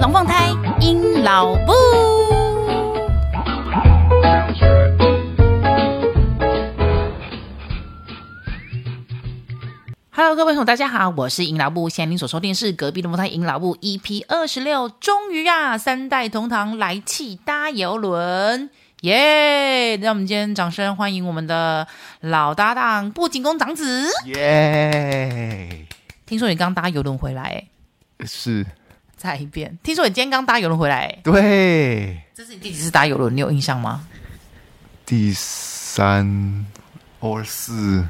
龍鳳胎，陰老木。Hello，各位朋友，大家好，我是陰老木。現在您所收聽是隔壁的龍鳳胎，陰老木 EP 二十六。終於呀，三代同堂來企搭遊輪，耶、yeah！讓我們今天掌聲歡迎我們的老搭檔布景工長子，耶、yeah！聽說你剛搭遊輪回來，哎，是。再一遍，聽說你今天剛搭遊輪回來，對，這是你第幾次搭遊輪？你有印象嗎？第三或四，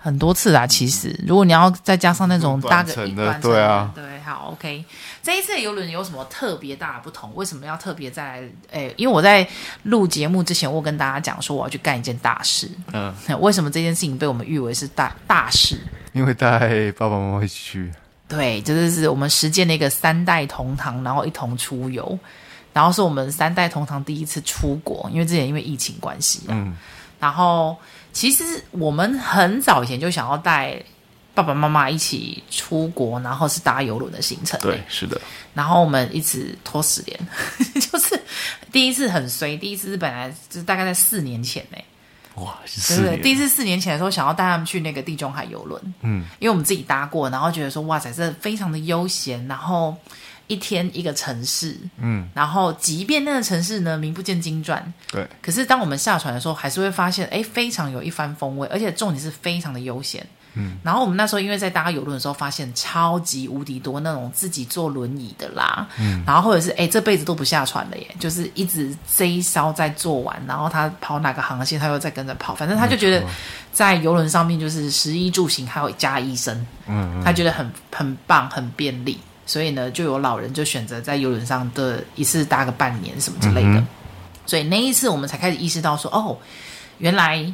很多次啦、啊。其實，如果你要再加上那種短程的，對啊，對，好，OK。這一次的遊輪有什麼特別大的不同？為什麼要特別在？哎，因為我在錄節目之前，我跟大家講說我要去幹一件大事。嗯，為什麼這件事情被我們譽為是大大事？因為帶爸爸媽媽一起去。對，就是是我們實踐那一個三代同堂，然後一同出遊，然後是我們三代同堂第一次出國，因為之前因為疫情關係，嗯，然後其實我們很早以前就想要帶爸爸媽媽一起出國，然後是搭遊輪的行程，欸，對，是的，然後我們一直拖十年，呵呵，就是第一次很衰，第一次是本來是大概在四年前呢，欸。哇，是第一次四年前的時候，想要帶他們去那個地中海遊輪。嗯，因為我們自己搭過，然後覺得說哇塞，這非常的悠閒，然後一天一個城市，嗯，然後即便那個城市呢，名不見經傳，對，可是當我們下船的時候，還是會發現哎，非常有一番風味，而且重點是非常的悠閒。嗯，然後我們那時候因為在搭遊輪的時候，發現超級無敵多那種自己坐輪椅的啦，嗯，然後或者是哎、欸、這輩子都不下船了耶，就是一直這一艘在坐完，然後他跑哪個航線他又再跟着跑，反正他就覺得在遊輪上面就是食衣住行還有加醫生，嗯，嗯，他覺得很很棒很便利，所以呢就有老人就選擇在遊輪上的一次搭個半年什麼之類的、嗯，所以那一次我們才開始意識到說哦，原來。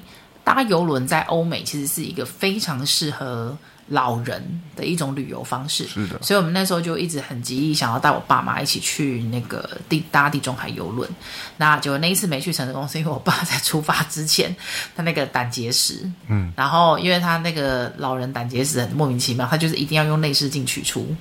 搭遊輪在歐美其實是一個非常適合老人的一種旅遊方式。是的，所以我們那時候就一直很極力想要帶我爸媽一起去那個地搭地中海遊輪。那就那一次沒去成的公司，因為我爸在出發之前，他那個膽結石。嗯。然後因為他那個老人膽結石很莫名其妙，他就是一定要用內視鏡取出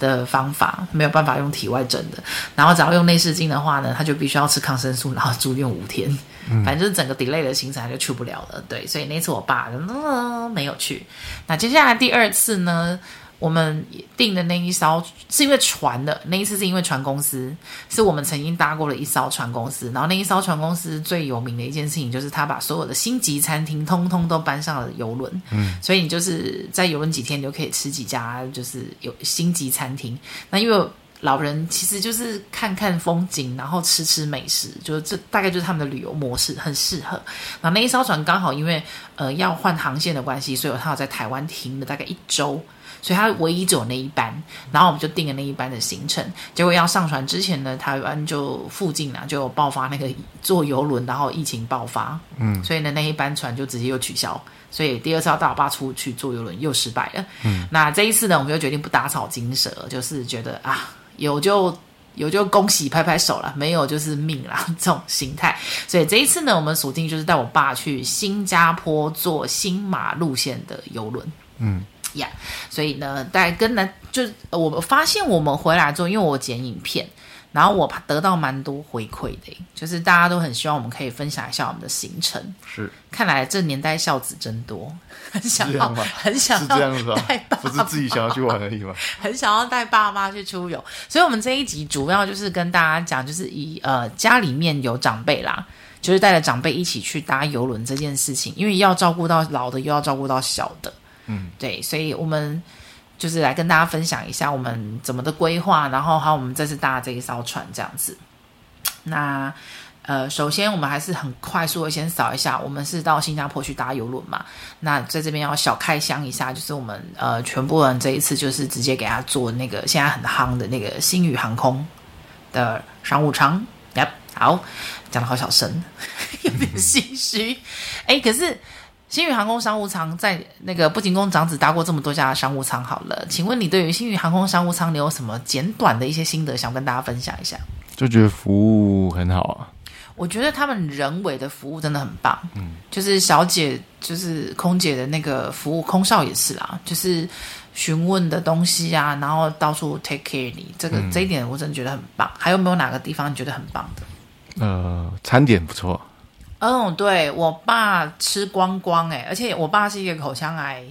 的方法，沒有辦法用體外震的。然後只要用內視鏡的話呢，他就必須要吃抗生素，然後住院五天。嗯反正就是整個 delay 的行程他就去不了了，對，所以那次我爸就、哦、沒有去。那接下來第二次呢，我們訂的那一艘是因為船的，那一次是因為船公司是我們曾經搭過了一艘船公司，然後那一艘船公司最有名的一件事情就是他把所有的星級餐廳通通都搬上了遊輪，嗯，所以你就是在遊輪幾天你就可以吃幾家就是有星級餐廳，那因為。老人其實就是看看風景，然後吃吃美食，就是這大概就是他們的旅遊模式，很適合。那那一艘船剛好因為呃要換航線的關係，所以他要在台灣停了大概一周，所以他唯一只有那一班。然後我們就訂了那一班的行程。結果要上船之前呢，台灣就附近啊就爆發那個坐遊輪然後疫情爆發，嗯，所以呢那一班船就直接又取消。所以第二次要帶我爸出去坐遊輪又失敗了。嗯，那這一次呢，我們就決定不打草驚蛇，就是覺得啊。有就有就恭喜拍拍手了，沒有就是命了這種心態。所以這一次呢，我們鎖定就是帶我爸去新加坡坐新馬路線的遊輪。嗯呀，yeah, 所以呢，大家跟南，就是我們發現我們回來之後，因為我剪影片，然後我得到蠻多回饋的，就是大家都很希望我們可以分享一下我們的行程。是，看來這年代孝子真多。很想要是這樣嗎？很想要帶爸爸，不是自己想要去玩而已嗎？很想要帶爸媽去出遊，所以我們這一集主要就是跟大家講，就是以呃，家裡面有長輩啦，就是帶着長輩一起去搭遊輪這件事情，因為要照顧到老的，又要照顧到小的，嗯，對，所以我們就是來跟大家分享一下我們怎麼的規劃，然後還有我們這次搭這一艘船這樣子，那。呃，首先我們還是很快速的先掃一下，我們是到新加坡去搭遊輪嘛？那在這邊要小開箱一下，就是我們呃全部人這一次就是直接給他坐那個現在很夯的那個星宇航空的商務艙。Yep, 好，講得好小聲，有點心虛。哎，可是星宇航空商務艙在那個不僅工長子搭過這麼多家的商務艙，好了，請問你對於星宇航空商務艙你有什麼簡短的一些心得想跟大家分享一下？就覺得服務很好啊。我覺得他們人為的服務真的很棒，嗯，就是小姐，就是空姐的那個服務，空少也是啦，就是詢問的東西啊，然後到處 take care 你，這個、嗯、這一點我真的覺得很棒。還有沒有哪個地方你覺得很棒的？呃，餐點不錯。嗯，Oh, 對，我爸吃光光哎、欸，而且我爸是一個口腔癌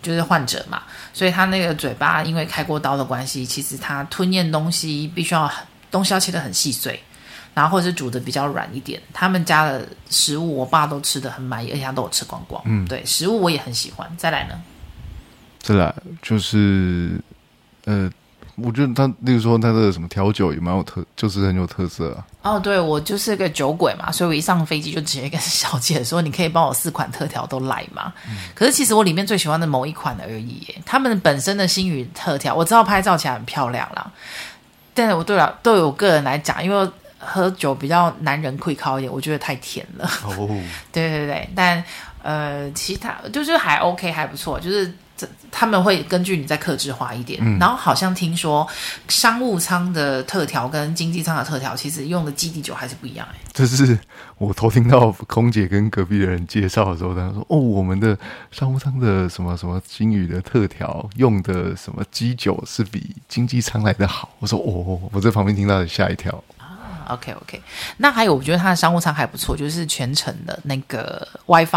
就是患者嘛，所以他那個嘴巴因為開過刀的關係，其實他吞嚥東西必須要東西要切得很細碎。然後或者是煮的比較軟一點，他們家的食物我爸都吃的很滿意，而且他都有吃光光。嗯，對，食物我也很喜歡。再來呢？再來就是，呃，我覺得他那個時候那個什麼調酒也蠻有特，就是很有特色啊。哦，對，我就是個酒鬼嘛，所以我一上飛機就直接跟小姐說：“你可以幫我四款特調都來嘛、嗯？”可是其實我裡面最喜歡的某一款而已。他們本身的星宇特調我知道拍照起來很漂亮啦，但是我對了，對我個人來講，因為。喝酒比較男人可靠一點，我覺得太甜了。哦、oh. 對，對對對，但呃，其他就是還 OK，還不錯。就是他們會根據你再客製化一點。嗯，然後好像聽說商務艙的特調跟經濟艙的特調，其實用的基底酒還是不一樣，欸。哎，這是我偷聽到空姐跟隔壁的人介紹的時候，他說：“哦，我們的商務艙的什麼什麼金宇的特調，用的什麼基酒是比經濟艙來的好。”我說：“哦，我在旁邊聽到嚇一跳。” OK，OK，okay, okay. 那還有，我覺得它的商務艙還不錯，就是全程的那個 WiFi，、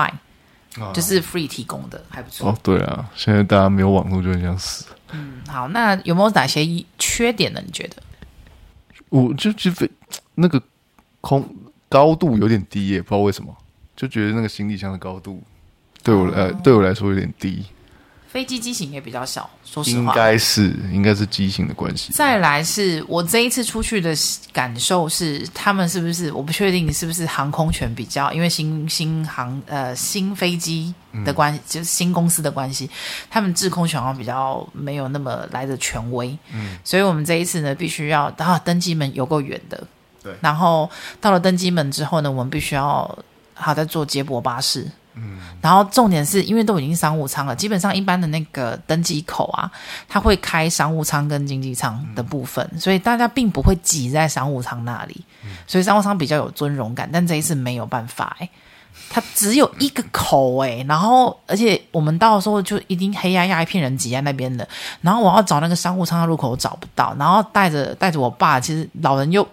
啊、就是 free 提供的，還不錯。哦，對啊，現在大家沒有網絡就很想死。嗯，好，那有沒有哪些缺點呢？你覺得？我就覺得那個空高度有點低耶，不知道為什麼，就覺得那個行李箱的高度對我來、哦呃、對我來說有點低。飛機機型也比較小。說實話，應該是應該是機型的關係。再來是我這一次出去的感受是，他們是不是，我不確定是不是航空權比較，因為新新航呃，新飛機的關係，嗯，就是新公司的關係，他們制空權好像比較沒有那麼來的權威。嗯，所以我們這一次呢，必須要啊，登機門有夠遠的。對，然後到了登機門之後呢，我們必須要好，再坐接駁巴士。嗯，然後重點是因為都已經商務艙了，基本上一般的那個登機口啊，他會開商務艙跟經濟艙的部分，所以大家並不會擠在商務艙那裡，所以商務艙比較有尊榮感。但這一次沒有辦法、欸，哎，它只有一個口，欸，哎，然後而且我們到時候就已經黑壓壓一片人擠在那邊了，然後我要找那個商務艙的入口我找不到，然後帶着帶着我爸，其實老人又。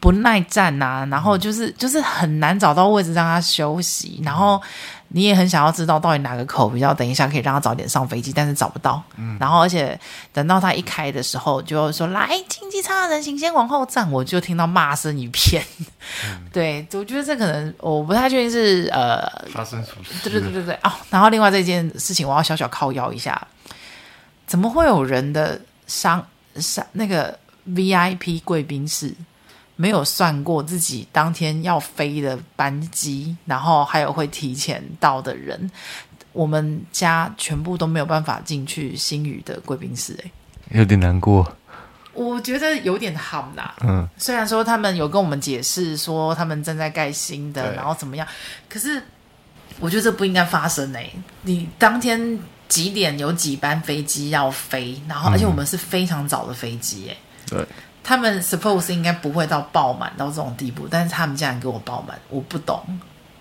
不耐站吶、啊，然後就是就是很難找到位置讓他休息，然後你也很想要知道到底哪個口比較等一下可以讓他早點上飛機，但是找不到、嗯。然後而且等到他一開的時候，就說、嗯、來經濟艙的人行先往後站，我就聽到罵聲一片、嗯。對，我覺得這可能我不太確定是呃發生什麼事？對對對對對啊、哦！然後另外這件事情，我要小小靠腰一下，怎麼會有人的商商那個 VIP 貴賓室？沒有算過自己當天要飛的班機，然後還有會提前到的人，我們家全部都沒有辦法進去星宇的貴賓室、欸，有點難過。我覺得有點好啦。嗯，雖然說他們有跟我們解釋說他們正在蓋新的，嗯、然後怎麼樣，可是我覺得這不應該發生、欸、你當天幾點有幾班飛機要飛，然後而且我們是非常早的飛機、欸嗯，對。他們 suppose 應該不會到爆滿到這種地步，但是他們竟然給我爆滿，我不懂。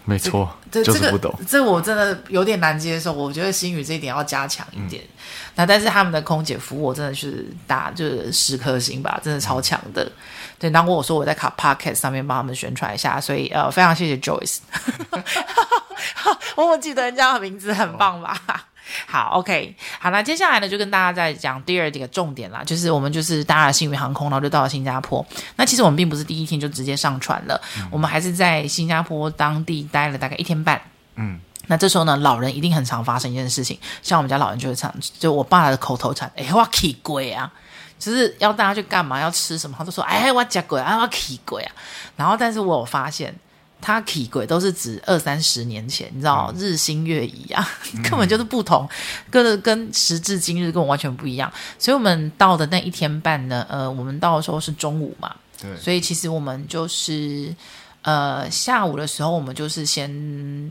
沒錯，這這個不懂，這個這個，我真的有點難接受。我覺得星宇這一點要加強一點，嗯。那但是他們的空姐服務，我真的是打就是大就十顆星吧，真的超強的。對，然後我說我在卡 Podcast 上面幫他們宣傳一下，所以呃，非常謝謝 Joyce。我 我記得人家的名字很棒吧。哦好，OK，好，那接下來呢，就跟大家再講第二個重點啦，就是我們就是搭了星宇航空，然後就到了新加坡。那其實我們並不是第一天就直接上船了，嗯，我們還是在新加坡當地待了大概一天半。嗯，那這時候呢，老人一定很常發生一件事情，像我們家老人就會常，就我爸的口頭禪，哎、欸，我乞鬼啊，就是要大家去幹嘛，要吃什麼，他就說，哎、欸，我夾鬼，啊，我乞鬼啊。然後，但是我有發現。他 K 鬼都是指二三十年前，你知道，嗯、日新月異啊，呵呵，根本就是不同，嗯、跟跟時至今日跟我完全不一樣。所以我們到的那一天半呢，呃，我們到的時候是中午嘛，對，所以其實我們就是呃下午的時候，我們就是先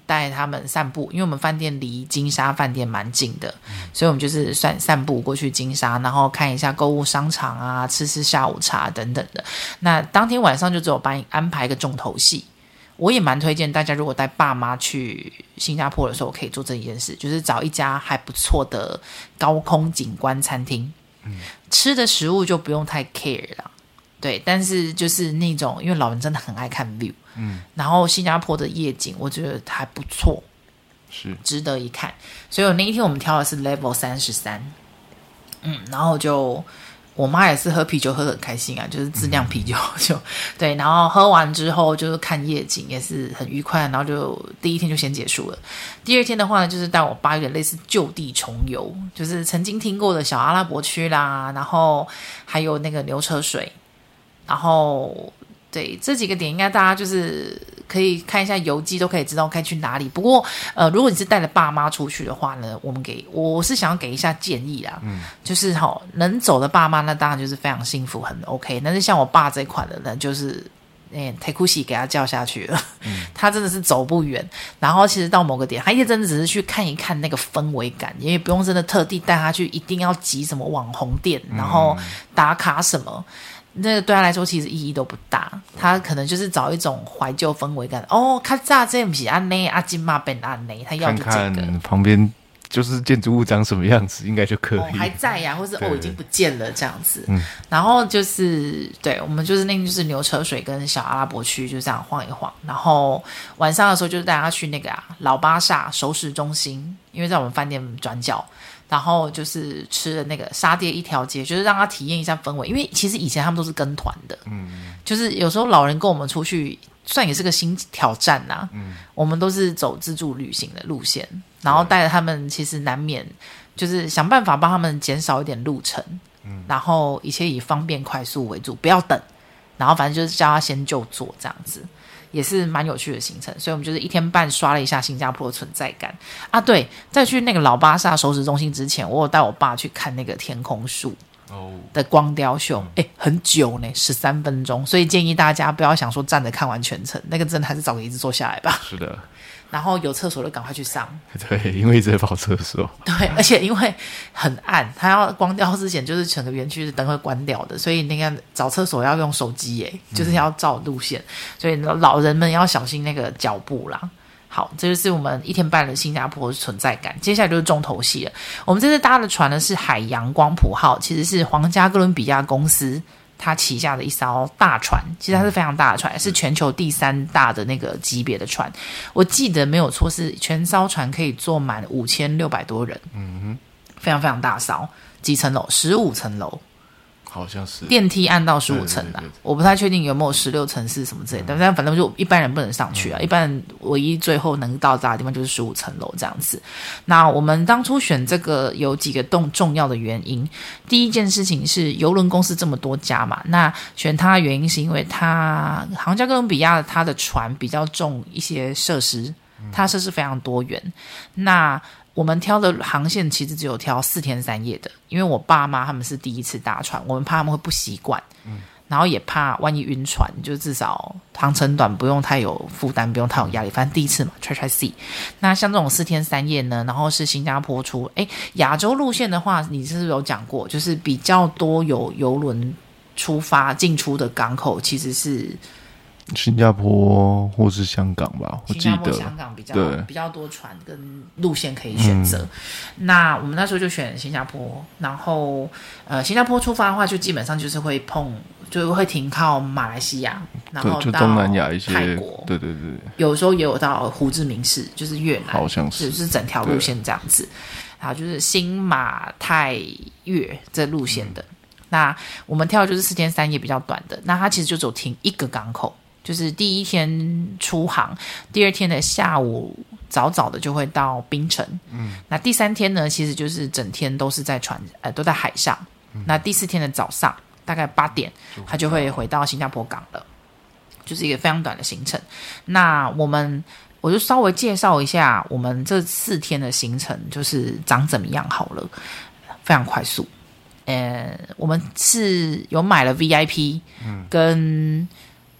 帶他們散步，因為我們飯店離金沙飯店蠻近的，所以我們就是散散步過去金沙，然後看一下購物商場啊，吃吃下午茶等等的。那當天晚上就只有把你安排一個重頭戲，我也蠻推薦大家，如果帶爸媽去新加坡的時候，可以做這一件事，就是找一家還不錯的高空景觀餐廳。嗯，吃的食物就不用太 care 了，對。但是就是那種，因為老人真的很愛看 view。嗯，然後新加坡的夜景，我覺得還不錯，是值得一看。所以我那一天我們挑的是 Level 三十三，嗯，然後就。我媽也是喝啤酒喝得很開心啊，就是自釀啤酒就對，然後喝完之後就是看夜景也是很愉快，然後就第一天就先結束了。第二天的話呢，就是帶我爸一個類似舊地重遊，就是曾經聽過的小阿拉伯區啦，然後還有那個牛車水，然後對，這幾個點應該大家就是。可以看一下遊記，都可以知道該去哪裡。不過，呃，如果你是帶着爸媽出去的話呢，我們給我是想要給一下建議啦。嗯，就是好、喔、能走的爸媽，那當然就是非常幸福，很 OK。但是像我爸這款的人，就是哎 takushi 給他叫下去了，嗯、他真的是走不遠。然後其實到某個點，他也真的只是去看一看那個氛圍感，也不用真的特地帶他去，一定要集什麼網紅店，然後打卡什麼。嗯那個對他來說其實意義都不大，他可能就是找一種懷舊氛圍感。哦，卡扎這不皮阿內阿金馬本阿內，他要就這個、看看旁邊就是建築物長什麼樣子，應該就可以、哦、還在呀，或是哦已經不見了這樣子、嗯。然後就是對，我們就是那個，就是牛車水跟小阿拉伯區就這樣晃一晃。然後晚上的時候就是帶他去那個啊、老巴剎熟食中心，因為在我們飯店我們轉角。然後就是吃了那個沙爹一條街，就是讓他體驗一下氛圍。因為其實以前他們都是跟團的，嗯，就是有時候老人跟我們出去，算也是個新挑戰啊嗯。我們都是走自助旅行的路線，嗯、然後帶着他們，其實難免就是想辦法幫他們減少一點路程，嗯。然後一切以方便快速為主，不要等，然後反正就是叫他先就坐這樣子。也是蠻有趣的行程，所以我們就是一天半刷了一下新加坡的存在感啊。對，在去那個老巴剎熟食中心之前，我有帶我爸去看那個天空樹。哦、oh，的光雕秀，哎、嗯、欸，很久呢，十三分鐘，所以建議大家不要想說站着看完全程，那個真的還是找個椅子坐下來吧。是的，然後有廁所就趕快去上。對，因為一直在跑廁所。對，而且因為很暗，它要光雕之前就是整個園區的燈會關掉的，所以那個找廁所要用手機，耶，就是要照路線，嗯，所以老人們要小心那個腳步啦。好，這就是我們一天半的新加坡存在感。接下來就是重頭戲了。我們這次搭的船呢，是海洋光譜號，其實是皇家哥倫比亞公司它旗下的一艘大船，其實它是非常大的船，是全球第三大的那個級別的船。我記得沒有錯，是全艘船可以坐滿五千六百多人，嗯哼，非常非常大艘，幾層樓，十五層樓。好像是電梯按到十五層啦，對對對對，我不太確定有沒有十六層是什麼之類的，嗯，但反正就一般人不能上去啊，嗯。一般人唯一最後能到達的地方就是十五層樓這樣子。那我們當初選這個有幾個重重要的原因，第一件事情是郵輪公司這麼多家嘛，那選它的原因是因為它皇家哥倫比亞的它的船比較重一些設施，它設施非常多元。那我們挑的航線其實只有挑四天三夜的，因為我爸媽他們是第一次搭船，我們怕他們會不習慣，嗯，然後也怕萬一暈船，就至少航程短，不用太有負擔，不用太有壓力，反正第一次嘛，try try see。那像這種四天三夜呢，然後是新加坡出，誒，亞洲路線的話，你是不是有講過，就是比較多有遊輪出發進出的港口，其實是。新加坡或是香港吧，新加坡我記得香港比較比較多船跟路線可以選擇，嗯。那我們那時候就選新加坡，然後呃，新加坡出發的話，就基本上就是會碰，就會停靠馬來西亞，然後到泰國、東南亞一些泰國，對對對，有時候也有到胡志明市，就是越南，好像是，就是整條路線這樣子，然後就是新馬泰越這路線的。嗯，那我們跳的就是四天三夜比較短的，那它其實就走停一個港口。就是第一天出航，第二天的下午早早的就會到檳城，嗯，那第三天呢，其實就是整天都是在船，呃，都在海上。嗯，那第四天的早上大概八點，嗯，他就會回到新加坡港了，嗯，就是一個非常短的行程。那我們我就稍微介紹一下我們這四天的行程就是長怎麼樣好了，非常快速。呃，我們是有買了 VIP，嗯，跟。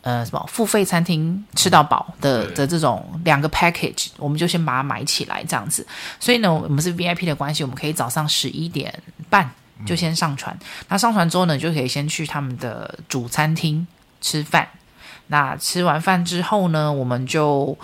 呃，什麼付費餐廳吃到飽的的這種兩個 package，我們就先把它買起來這樣子。所以呢，我們是 VIP 的關係，我們可以早上十一點半就先上船。那上船之後呢，就可以先去他們的主餐廳吃飯。那吃完飯之後呢，我們就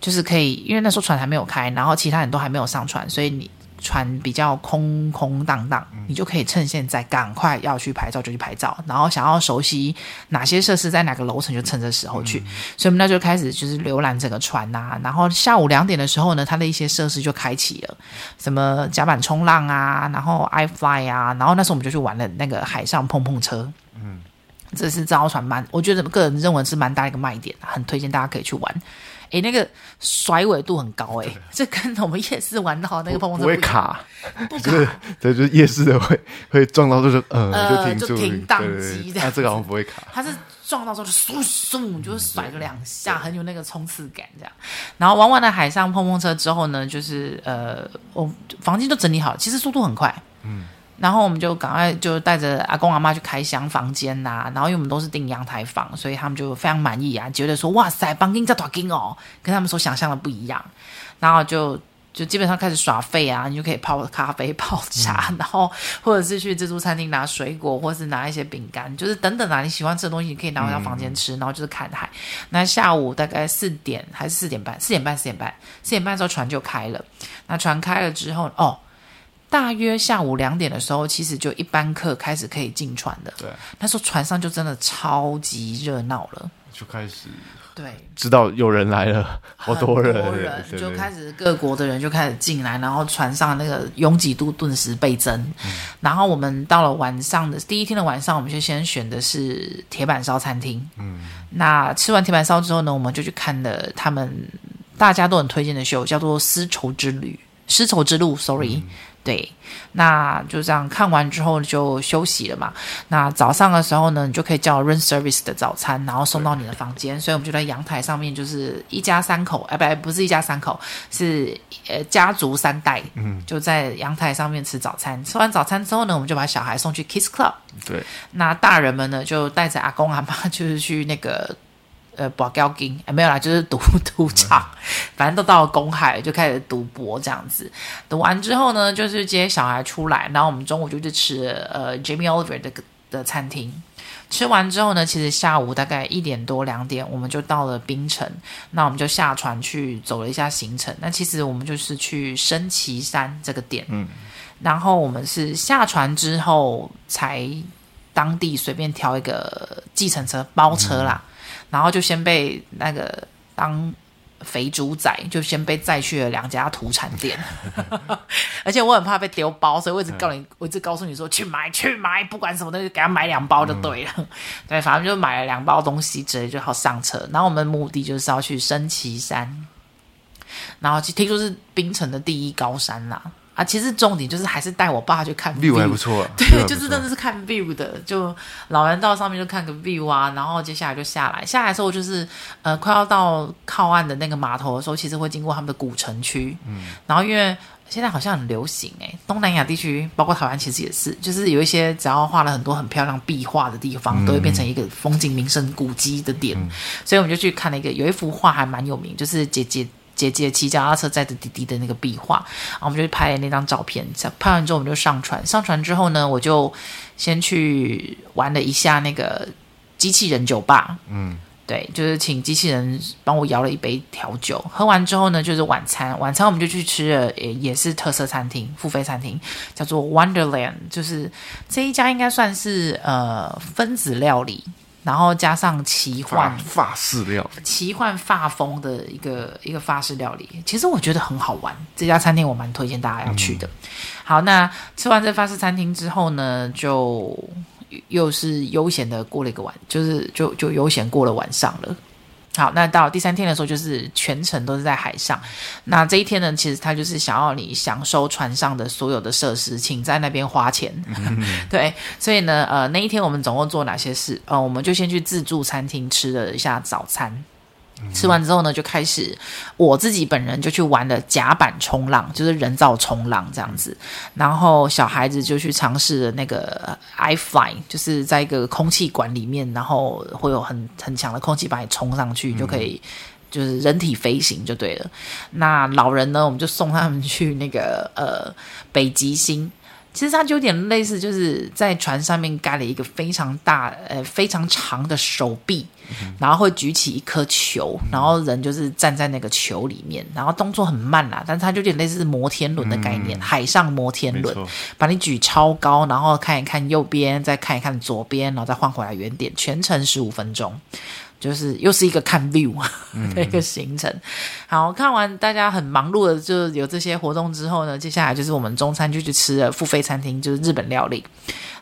就是可以，因為那時候船還沒有開，然後其他人都還沒有上船，所以你。船比較空空蕩蕩，你就可以趁現在趕快要去拍照就去拍照，然後想要熟悉哪些設施在哪個樓層就趁這時候去。所以我們那就開始就是瀏覽整個船啊，然後下午兩點的時候呢，它的一些設施就開啟了，什麼甲板衝浪啊，然後 iFly 啊，然後那時候我們就去玩了那個海上碰碰車。嗯，這是這艘船蠻，我覺得個人認為是蠻大一個賣點，很推薦大家可以去玩。欸，那個甩尾度很高哎、欸，這跟我們夜市玩到的那個碰碰車不，不，不會卡， 不卡對，對，就是夜市的會、嗯、會撞到就是呃，呃就停住，就停當機對對對，對這樣、啊。這個好像不會卡，它是撞到之後就嗖嗖，就是甩了兩下、嗯啊，很有那個衝刺感這樣。然後玩完了海上碰碰車之後呢，就是呃，我、哦、房間都整理好了，其實速度很快，嗯。然後我們就趕快就帶着阿公阿媽去開箱房間吶、啊，然後因為我們都是訂陽台房，所以他們就非常滿意啊，覺得說哇塞，房間這多金哦，跟他們所想象的不一樣。然後就就基本上開始耍廢啊，你就可以泡咖啡、泡茶，嗯、然後或者是去自助餐廳拿水果，或者是拿一些餅乾，就是等等啊，你喜歡吃的東西你可以拿回到房間吃，嗯、然後就是看海。那下午大概四點還是四點半，四點半、四點半、四點半之後船就開了。那船開了之後，哦。大約下午兩點的時候，其實就一班客開始可以進船的。對，那時候船上就真的超級熱鬧了，就開始對知道有人來了，好多人，好多人，對對對，就開始各國的人就開始進來，然後船上那個擁擠度頓時倍增，嗯。然後我們到了晚上的第一天的晚上，我們就先選的是鐵板燒餐廳。嗯，那吃完鐵板燒之後呢，我們就去看了他們大家都很推薦的秀，叫做絲綢之旅。絲綢之路，sorry。嗯對，那就這樣看完之後就休息了嘛。那早上的時候呢，你就可以叫 room service 的早餐，然後送到你的房間。所以我們就在陽台上面，就是一家三口，哎，不，不是一家三口，是呃家族三代，嗯，就在陽台上面吃早餐。吃完早餐之後呢，我們就把小孩送去 kids club，對，那大人們呢就帶着阿公阿媽，就是去那個。呃，保鏢金哎，沒有啦，就是賭賭場，反正都到了公海了，就開始賭博這樣子。賭完之後呢，就是接小孩出來，然後我們中午就去吃了呃 Jamie Oliver 的的餐廳。吃完之後呢，其實下午大概一點多兩點，我們就到了檳城。那我們就下船去走了一下行程。那其實我們就是去升旗山這個點。嗯，然後我們是下船之後才當地隨便挑一個計程車包車啦。嗯然後就先被那個當肥豬仔，就先被載去了兩家土產店， 而且我很怕被丟包，所以我一直告訴你，我一直告訴你說，去買，去買，不管什麼東西，給他買兩包就對了。 對，反正就買了兩包東西，直接就好上車。然後我們的目的就是要去升旗山，然後聽說是檳城的第一高山啦、啊。啊，其實重點就是還是帶我爸去看 view 還不錯，啊，對錯，啊，就是真的是看 view 的，就老人到上面就看個 view 啊，然後接下來就下來，下來之後就是呃快要到靠岸的那個碼頭的時候，其實會經過他們的古城區，嗯，然後因為現在好像很流行哎，欸，東南亞地區包括台灣其實也是，就是有一些只要畫了很多很漂亮壁畫的地方，嗯，都會變成一個風景名勝古蹟的點，嗯，所以我們就去看了一個，有一幅畫還蠻有名，就是姐姐。姐姐騎著阿車載著弟弟的那個壁畫，然後我們就拍了那張照片。拍完之後，我們就上船。上船之後呢，我就先去玩了一下那個機器人酒吧。嗯，對，就是請機器人幫我搖了一杯調酒。喝完之後呢，就是晚餐。晚餐我們就去吃了，也是特色餐廳，付費餐廳，叫做 Wonderland。就是這一家應該算是呃分子料理。然後加上奇幻法式、啊、料理，奇幻法風的一個一個法式料理，其實我覺得很好玩。這家餐廳我蠻推薦大家要去的。嗯、好，那吃完這法式餐廳之後呢，就又是悠閒的過了一個晚，就是就就悠閒過了晚上了。好，那到第三天的時候，就是全程都是在海上。那這一天呢，其實他就是想要你享受船上的所有的設施，請在那邊花錢。嗯、 對，所以呢，呃，那一天我們總共做哪些事？呃，我們就先去自助餐廳吃了一下早餐。吃完之後呢，就開始我自己本人就去玩了甲板衝浪，就是人造衝浪這樣子。然後小孩子就去嘗試了那個 iFly，就是在一個空氣管裡面，然後會有很很強的空氣把你衝上去，嗯，就可以就是人體飛行就對了。那老人呢，我們就送他們去那個呃北極星。其實它就有點類似，就是在船上面蓋了一個非常大，呃非常長的手臂，嗯，然後會舉起一顆球，然後人就是站在那個球裡面，然後動作很慢啦，但是它就有點類似是摩天輪的概念，嗯、海上摩天輪，把你舉超高，然後看一看右邊，再看一看左邊，然後再換回來原點，全程十五分鐘。就是又是一個看 view 的一個行程，嗯嗯好，看完大家很忙碌的，就有這些活動之後呢，接下來就是我們中餐就去吃了付費餐廳，就是日本料理。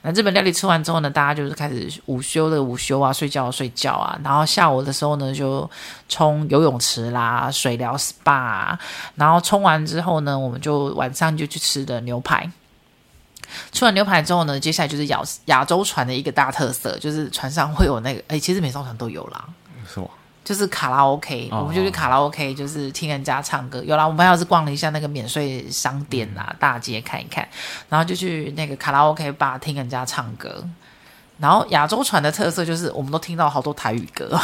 那日本料理吃完之後呢，大家就是開始午休的午休啊，睡覺睡覺啊，然後下午的時候呢，就衝游泳池啦、水療 SPA 啊，然後衝完之後呢，我們就晚上就去吃的牛排。吃完牛排之後呢，接下來就是亞亞洲船的一個大特色，就是船上會有那個，哎、欸，其實每艘船都有啦，是嗎？就是卡拉 OK，哦哦，我們就去卡拉 OK，就是聽人家唱歌。有啦，我們要是逛了一下那個免稅商店啊，大街看一看、嗯，然後就去那個卡拉 OK 吧，聽人家唱歌。然後亞洲船的特色就是，我們都聽到好多台語歌，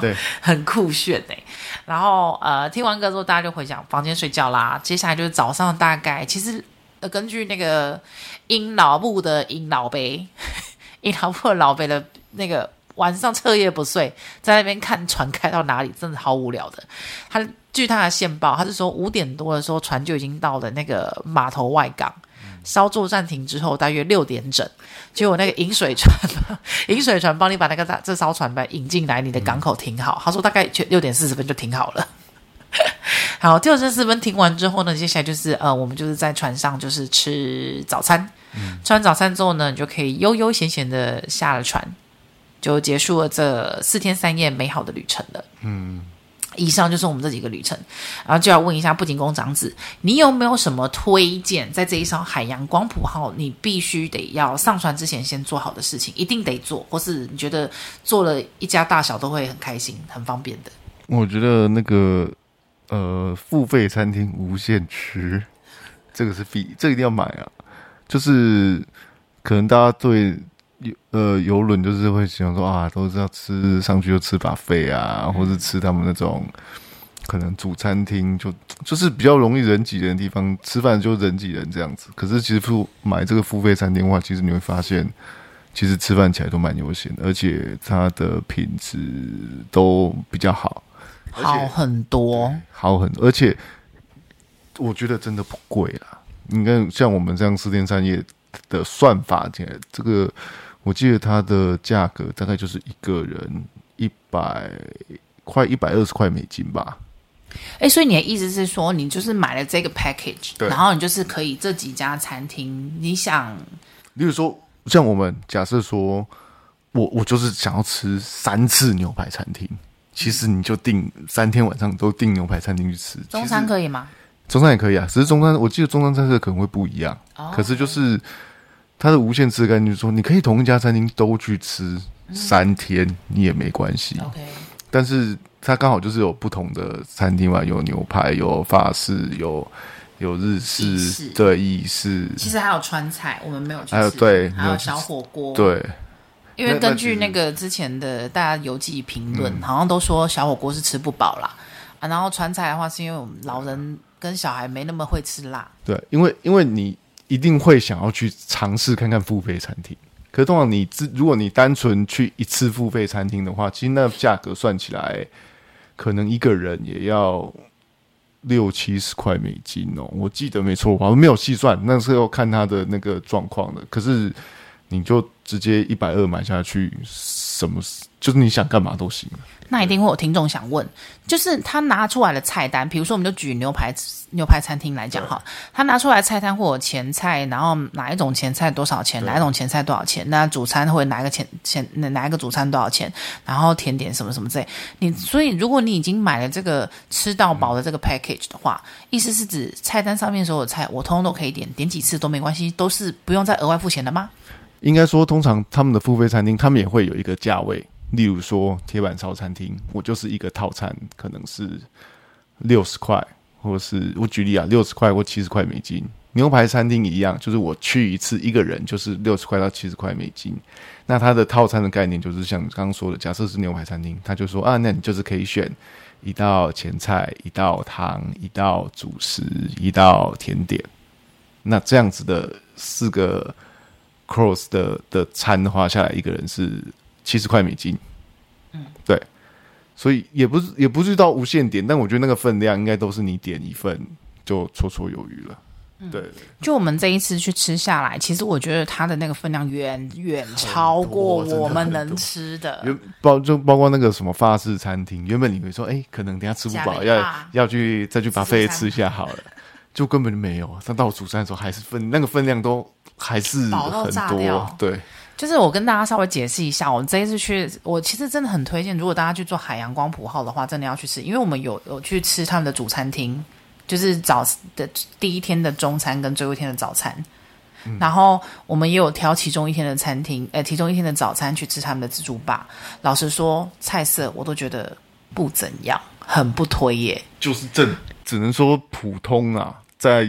對， 很酷炫哎、欸。然後呃，聽完歌之後，大家就回想房間睡覺啦。接下來就是早上大概，其實。呃，根據那個陰老木的陰老杯，陰 老木的老杯的那個晚上徹夜不睡，在那邊看船開到哪裡，真的好無聊的。他據他的線報，他是說五點多的時候船就已經到了那個碼頭外港，稍作暫停之後，大約六點整，結果那個引水船，引水船幫你把那個大這艘船吧引進來，你的港口停好。他說大概六點四十分就停好了。好，第二站四分停完之後呢，接下來就是呃，我們就是在船上就是吃早餐。嗯，吃完早餐之後呢，你就可以悠悠閒閒的下了船，就結束了這四天三夜美好的旅程了。嗯，以上就是我們這幾個旅程，然後就要問一下布景宮長子，你有沒有什麼推薦？在這一艘海洋光譜號，你必須得要上船之前先做好的事情，一定得做，或是你覺得做了一家大小都會很開心、很方便的。我覺得那個。呃，付費餐廳無限吃，這個是必，這一定要買啊！就是可能大家對呃遊輪就是會想說啊，都是要吃上去就吃 buffet 啊，或者吃他們那種可能主餐廳就就是比較容易人擠人的地方，吃飯就人擠人這樣子。可是其實付買這個付費餐廳的話，其實你會發現，其實吃飯起來都蠻悠閒，而且它的品質都比較好。好很多，好很多，而且我覺得真的不貴了、啊。你看，像我們這樣四天三夜的算法，這個我記得它的價格大概就是一個人一百塊，一百二十塊美金吧。哎、欸，所以你的意思是說，你就是買了這個 package，對，然後你就是可以這幾家餐廳，你想，例如說，像我們假設說，我我就是想要吃三次牛排餐廳。其實你就訂三天晚上都訂牛排餐廳去吃，中餐可以嗎？中餐也可以啊，只是中餐我記得中餐餐廳可能會不一樣，oh、可是就是、okay. 它的無限制就是說，你可以同一家餐廳都去吃、嗯、三天，你也沒關係。Okay. 但是它剛好就是有不同的餐廳嘛，有牛排，有法式，有有日式，意式對意式，其實還有川菜，我們沒有去吃，還有對，還有小火鍋，對。因為根據那個之前的大家遊記評論，好像都說小火鍋是吃不飽啦、嗯、啊。然後川菜的話，是因為我們老人跟小孩沒那麼會吃辣。對，因為因為你一定會想要去嘗試看看付費餐廳。可是通常你如果你單純去一次付費餐廳的話，其實那價格算起來，可能一個人也要六七十塊美金哦、喔。我記得沒錯好我沒有細算，那是要看他的那個狀況的。可是。你就直接一百二買下去，什麼就是你想幹嘛都行。那一定會有聽眾想問，就是他拿出來的菜單，比如說我們就舉牛排牛排餐廳來講哈，他拿出來菜單或前菜，然後哪一種前菜多少錢，哪一種前菜多少錢？那主餐或哪一個前前哪一個主餐多少錢？然後甜點什麼什麼之類。你、嗯、所以如果你已經買了這個吃到飽的這個 package 的話，嗯、意思是指菜單上面所有的菜我通通都可以點，點幾次都沒關係，都是不用再額外付錢的嗎？應該說，通常他們的付費餐廳，他們也會有一個價位。例如說，鐵板燒餐廳，我就是一個套餐，可能是六十塊，或是我舉例啊，六十塊或七十塊美金。牛排餐廳一樣，就是我去一次一個人就是六十塊到七十塊美金。那它的套餐的概念，就是像剛剛說的，假設是牛排餐廳，他就說啊，那你就是可以選一道前菜、一道湯、一道主食、一道甜點。那這樣子的四個。Cross 的的餐花下來，一個人是七十塊美金，嗯，對，所以也不是也不是到無限點，但我覺得那個分量，應該都是你點一份就綽綽有餘了。嗯。對，就我們這一次去吃下來，其實我覺得它的那個分量遠遠超過我們，我們能吃的。包就包括那個什麼法式餐廳，原本你會說，哎、欸，可能等下吃不飽，要要去再去 buffet 吃一下好了。就根本就沒有啊。但到我主餐的時候，還是分那個分量都還是很多炸掉。對，就是我跟大家稍微解釋一下，我們這一次去，我其實真的很推薦，如果大家去做海洋光譜號的話，真的要去吃，因為我們有有去吃他們的主餐廳，就是早的第一天的中餐跟最後一天的早餐，嗯、然後我們也有挑其中一天的餐廳，呃、欸，其中一天的早餐去吃他們的自助吧。老實說，菜色我都覺得不怎樣，很不推耶。就是正，嗯、只能說普通啊。在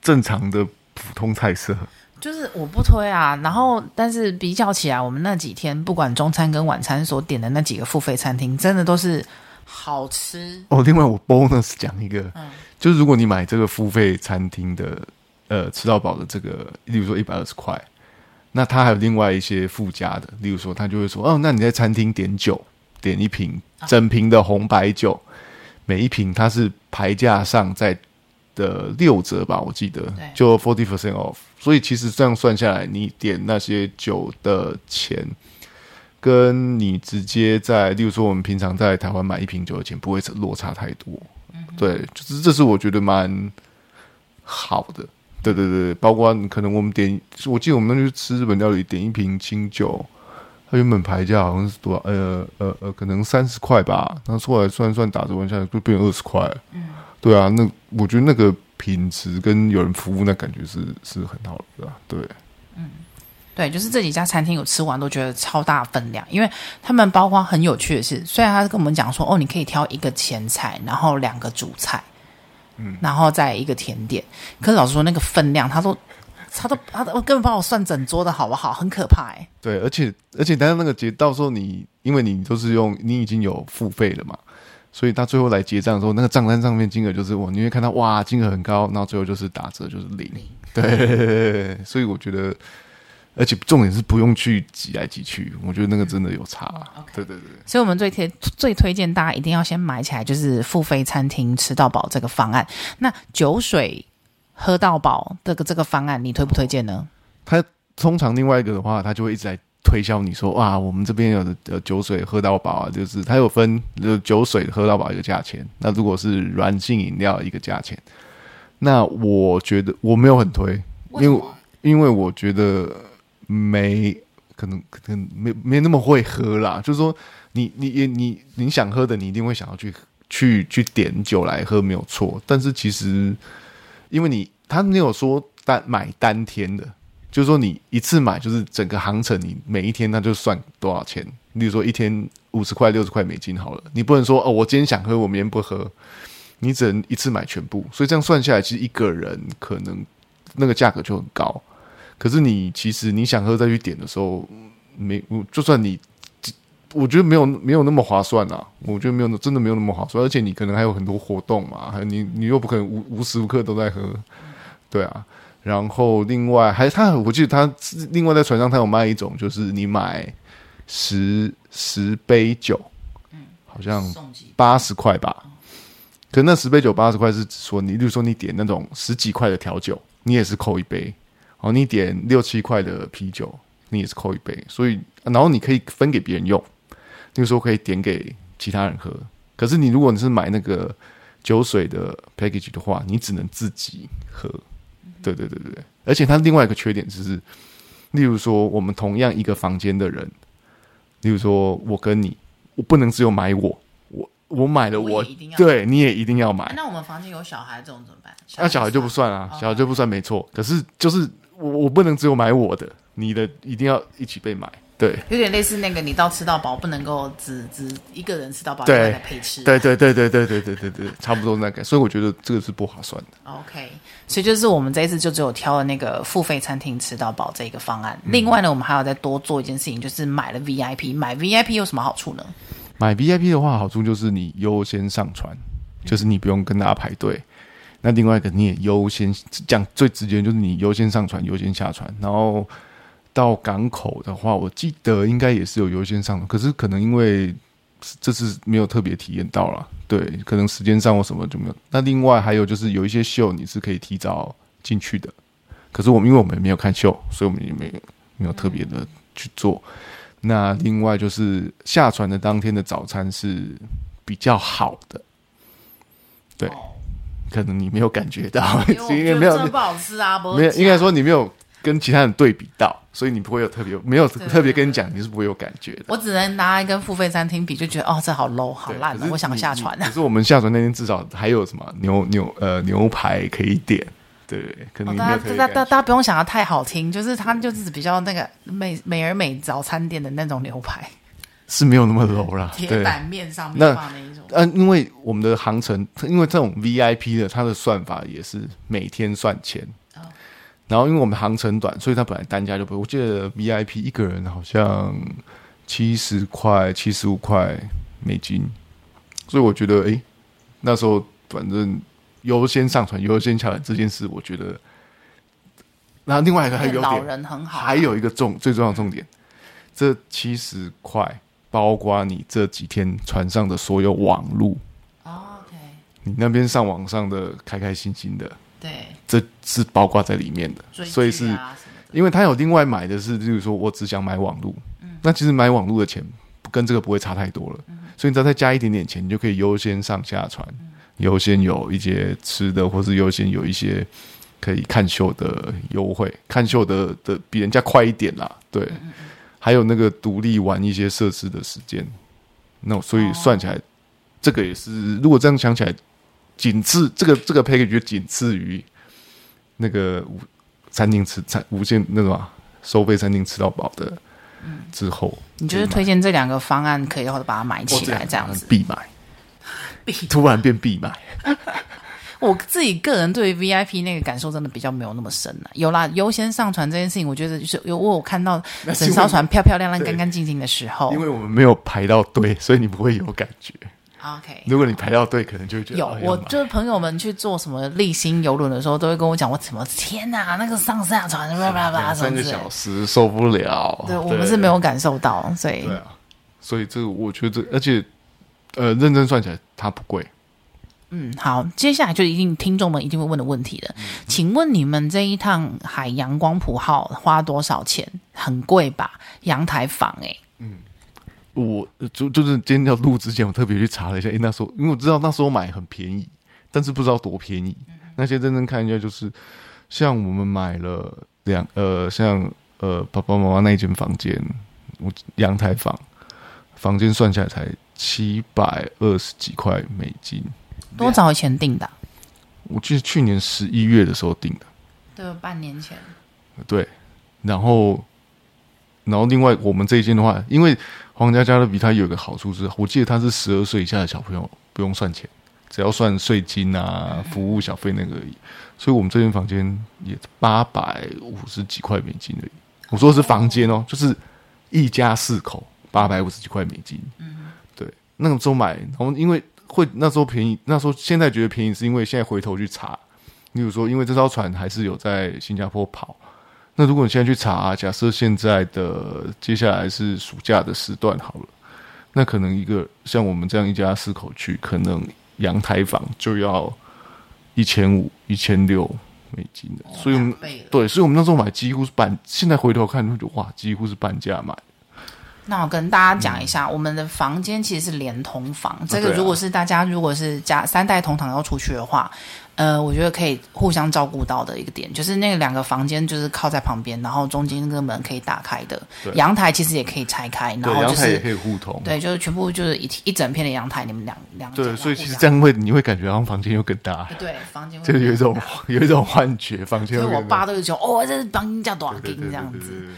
正常的普通菜色，就是我不推啊。然後，但是比較起來，我們那幾天不管中餐跟晚餐所點的那幾個付費餐廳，真的都是好吃哦。另外，我 bonus 講一個，嗯，就是如果你買這個付費餐廳的呃吃到飽的這個，例如說一百二十塊，那他還有另外一些附加的，例如說他就會說哦，那你在餐廳點酒，點一瓶整瓶的紅白酒，啊，每一瓶它是牌價上在，的六折吧，我記得就 forty percent off。所以其實這樣算下來，你點那些酒的錢，跟你直接在，例如說我們平常在台灣買一瓶酒的錢，不會落差太多。嗯。對，就是這是我覺得蠻好的。對對對，包括可能我們點，我記得我們那就吃日本料理，點一瓶清酒，它原本牌價好像是多少？呃呃呃，可能三十塊吧。那後來算算打折完下來，就變成二十塊。嗯。對啊，那我覺得那個品質跟有人服務那感覺是是很好的，對吧？對，嗯，對，就是這幾家餐廳有吃完都覺得超大分量，因為他們包括很有趣的是，雖然他是跟我們講說哦，你可以挑一個前菜，然後兩個主菜，嗯，然後再一個甜點，可是老實說那個分量，他說他都他都，嗯、他都他都根本幫我算整桌的好不好？很可怕哎、欸。對，而且而且當時那個節到時候你因為你都是用你已經有付費了嘛。所以他最後來結賬的時候，那個賬單上面金額就是哇。你會看到哇，金額很高，然後最後就是打折就是零，對，所以我覺得，而且重點是不用去擠來擠去，我覺得那個真的有差，Okay. 對對對。所以我們最推最推薦大家一定要先買起來，就是付費餐廳吃到飽這個方案。那酒水喝到飽的這個方案，你推不推薦呢？哦哦、他通常另外一個的話，他就會一直在。推銷你說，哇，我們這邊有的酒水喝到飽啊，就是它有分、就是、酒水喝到飽一個價錢，那如果是軟性飲料一個價錢，那我覺得我沒有很推，因為因為我覺得沒可能可能沒沒那麼會喝啦，就是說你你你你、你想喝的，你一定會想要去去去點酒來喝，沒有錯。但是其實因為你他沒有說單買單天的。就是說，你一次買就是整個航程，你每一天那就算多少錢。你比如說一天五十塊、六十塊美金好了。你不能說哦，我今天想喝，我明天不喝。你只能一次買全部。所以這樣算下來，其實一個人可能那個價格就很高。可是你其實你想喝再去點的時候，沒，就算你，我覺得沒有沒有那麼划算啊。我覺得沒有真的沒有那麼划算，而且你可能還有很多活動嘛。你你又不可能無無時無刻都在喝，對啊。然後，另外還他，我記得他另外在船上，他有賣一種，就是你買十十杯酒，嗯，好像八十塊吧。嗯、可那十杯酒八十塊是說你，例如說你點那種十幾塊的調酒，你也是扣一杯；然後你點六七塊的啤酒，你也是扣一杯。所以，然後你可以分給別人用，那個時候可以點給其他人喝。可是你如果你是買那個酒水的 package 的話，你只能自己喝。對對對對對，而且他另外一個缺點就是，例如說我們同樣一個房間的人，例如說我跟你，我不能只有買我，我我買了我，我，對，你也一定要買。啊、那我們房間有小孩，這種怎麼辦？那小，、啊、小孩就不算啊，小孩就不算，沒錯。Okay. 可是就是我我不能只有買我的，你的一定要一起被買。對，有點類似那個，你到吃到飽不能夠只只一個人吃到飽，啊、對，來陪吃，對對對對對對對對差不多那個， 所以我覺得這個是不划算的。OK，所以就是我們這一次就只有挑了那個付費餐廳吃到飽這一個方案，嗯。另外呢，我們還要再多做一件事情，就是買了 VIP，買 VIP 有什麼好處呢？買 VIP 的話，好處就是你優先上船，就是你不用跟大家排隊。那另外一個，你也優先，講最直接就是你優先上船，優先下船，然後。到港口的話，我記得應該也是有優先上的，可是可能因為這次沒有特別體驗到了，對，可能時間上或什麼就沒有。那另外還有就是有一些秀你是可以提早進去的，可是我們因為我們沒有看秀，所以我們也沒有沒有特別的去做。嗯、那另外就是下船的當天的早餐是比較好的，對，哦、可能你沒有感覺到，是因為沒有不，不好吃啊，沒有，應該說你沒有。跟其他人對比到，所以你不會有特別沒有特別跟你講，你是不會有感覺的。我只能拿來跟付費餐廳比，就覺得哦，這好 low，好爛，啊，我想下船，啊、可是我們下船那天至少還有什麼牛牛呃牛排可以點，對對對，可能、哦、大家大家大家不用想的太好聽，就是他們就是比較那個美美而美早餐店的那種牛排是沒有那麼 low 啦。鐵板麵上面的那一種。嗯、呃，因為我們的行程，因為這種 VIP 的，它的算法也是每天算錢。然後，因為我們航程短，所以他本來單價就不。我記得 VIP 一個人好像七十塊、七十五塊美金。所以我覺得，哎，那時候反正優先上船、優先下來這件事，我覺得。那另外一個還有老人很好、啊，還有一個重最重要的重點，這七十塊包括你這幾天船上的所有網路。哦，okay。你那邊上網上的開開心心的。對，這是包括在裡面的，啊、所以是，因為他有另外買的是，就是說我只想買網路、嗯，那其實買網路的錢跟這個不會差太多了、嗯，所以你只要再加一點點錢，你就可以優先上下船，優、嗯、先有一些吃的，或是優先有一些可以看秀的優惠，看秀的的比人家快一點啦，對，嗯、還有那個獨立玩一些設施的時間，那、no, 所以算起來、哦，這個也是，如果這樣想起來。僅次這個這個 package，就僅次於那個無餐廳吃餐無限那個、啊、收費餐廳吃到飽的、嗯、之後，你就是推薦這兩個方案可以，或者把它買起來，嗯、這樣子必買，突然變必買。必買 我自己個人對於 VIP 那個感受真的比較沒有那麼深了、啊。 有啦，優先上船這件事情，我覺得就是有我有看到整艘船漂漂亮亮、乾乾淨淨的時候因，因為我們沒有排到隊，所以你不會有感覺。OK，如果你排到隊、哦，可能就會覺得有、哎。我就是朋友們去坐什麼麗星遊輪的時候， 都會跟我講，我怎麼天哪、啊，那個上下、啊、船，叭叭叭，三個、嗯、小時受不了。對，對，對，對，我們是沒有感受到，所以對啊，所以這個我覺得，而且呃，認真算起來，它不貴。嗯，好，接下來就一定聽眾們一定會問的問題了、嗯，請問你們這一趟海洋光譜號花多少錢？很貴吧？陽台房、欸，哎，嗯。我就就是今天要錄之前，我特別去查了一下，欸。那時候，因為我知道那時候買很便宜，但是不知道多便宜。那些真正看一下，就是像我們買了兩呃，像呃爸爸媽媽那一間房間，陽台房，房間算下來才七百二十幾塊美金。多早以前訂的，啊？我記得去年十一月的時候訂的。對，半年前。對，然後，然後另外我們這一間的話，因為。皇家加勒比它有一個好處是，我記得它是十二歲以下的小朋友不用算錢，只要算稅金啊、服務小費那個而已。所以我們這間房間也八百五十幾塊美金而已。我說的是房間哦，哦，哦，就是一家四口八百五十幾塊美金。嗯，嗯，對，那個時候買，因為會那時候便宜，那時候現在覺得便宜，是因為現在回頭去查，比如說，因為這艘船還是有在新加坡跑。那如果你現在去查啊，假設現在的接下來是暑假的時段好了，那可能一個像我們這樣一家四口去，可能陽台房就要一千五、一千六美金的。哦，所以我們，對，所以我們那時候買幾乎是半，現在回頭看，就哇，幾乎是半價買。那我跟大家講一下、嗯，我們的房間其實是連通房、嗯啊。這個如果是大家如果是家三代同堂要出去的話，呃，我覺得可以互相照顧到的一個點，就是那個兩個房間就是靠在旁邊，然後中間那個門可以打開的。陽台其實也可以拆開，然後就是陽台也可以互通。對，就是全部就是一一整片的陽台，你們兩兩對，所以其實這樣會你會感覺好像房間又更大。對，房間就有一種 有一種幻覺，房間。所以我爸都有說：“哦，這房間叫多大？”這樣子。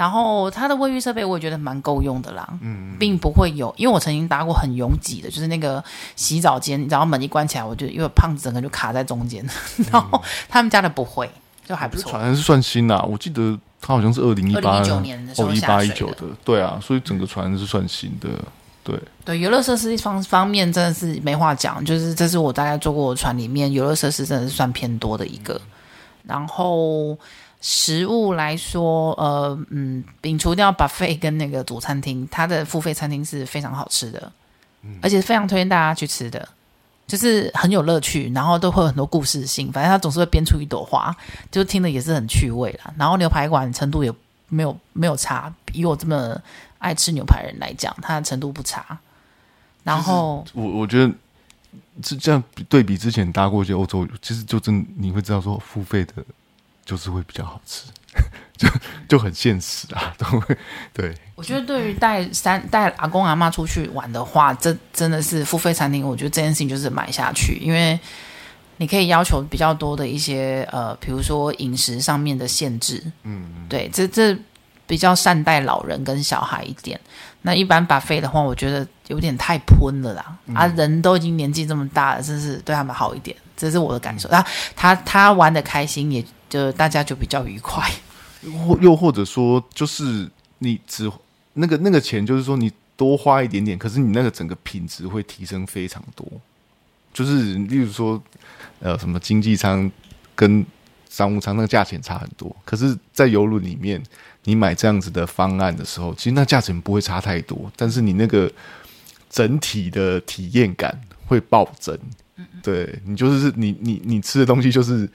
然後它的衛浴設備我也覺得蠻夠用的啦，嗯，並不會有，因為我曾經搭過很擁擠的，就是那個洗澡間，然後門一關起來，我就因為胖子整個就卡在中間、嗯。然後他們家的不會，就還不錯。船是算新啦、啊、我記得它好像是二零一八一九年時候的，二零一八一九的，對啊，所以整個船是算新的。對對，遊樂設施方方面真的是沒話講，就是這是我大概坐過的船裡面遊樂設施真的是算偏多的一個，嗯、然後。食物來說，呃，嗯，摒除掉 buffet 跟那個主餐廳，它的付費餐廳是非常好吃的，嗯、而且是非常推薦大家去吃的，就是很有樂趣，然後都會有很多故事性，反正他總是會編出一朵花，就聽的也是很趣味啦。然後牛排館程度也沒有沒有差，以我這麼愛吃牛排的人來講，它的程度不差。然後我我覺得，這樣對比之前搭過一些歐洲，其實就真你會知道說付費的。就是會比較好吃，就就很現實啊，都會。對我覺得，對於帶三帶阿公阿嬤出去玩的話，真真的是付費餐廳，我覺得這件事情就是買下去，因為你可以要求比較多的一些呃，比如說飲食上面的限制。嗯對，這這比較善待老人跟小孩一點。那一般 buffet 的話，我覺得有點太噴了啦、嗯、啊，人都已經年紀這麼大了，真是對他們好一點，這是我的感受。那、嗯啊、他他玩的開心也。就大家就比較愉快，又或者說，就是你只那個那個錢，就是說你多花一點點，可是你那個整個品質會提升非常多。就是例如說，呃，什麼經濟艙跟商務艙那個價錢差很多，可是，在郵輪裡面，你買這樣子的方案的時候，其實那價錢不會差太多，但是你那個整體的體驗感會暴增。對你，就是你，你你你吃的東西就是。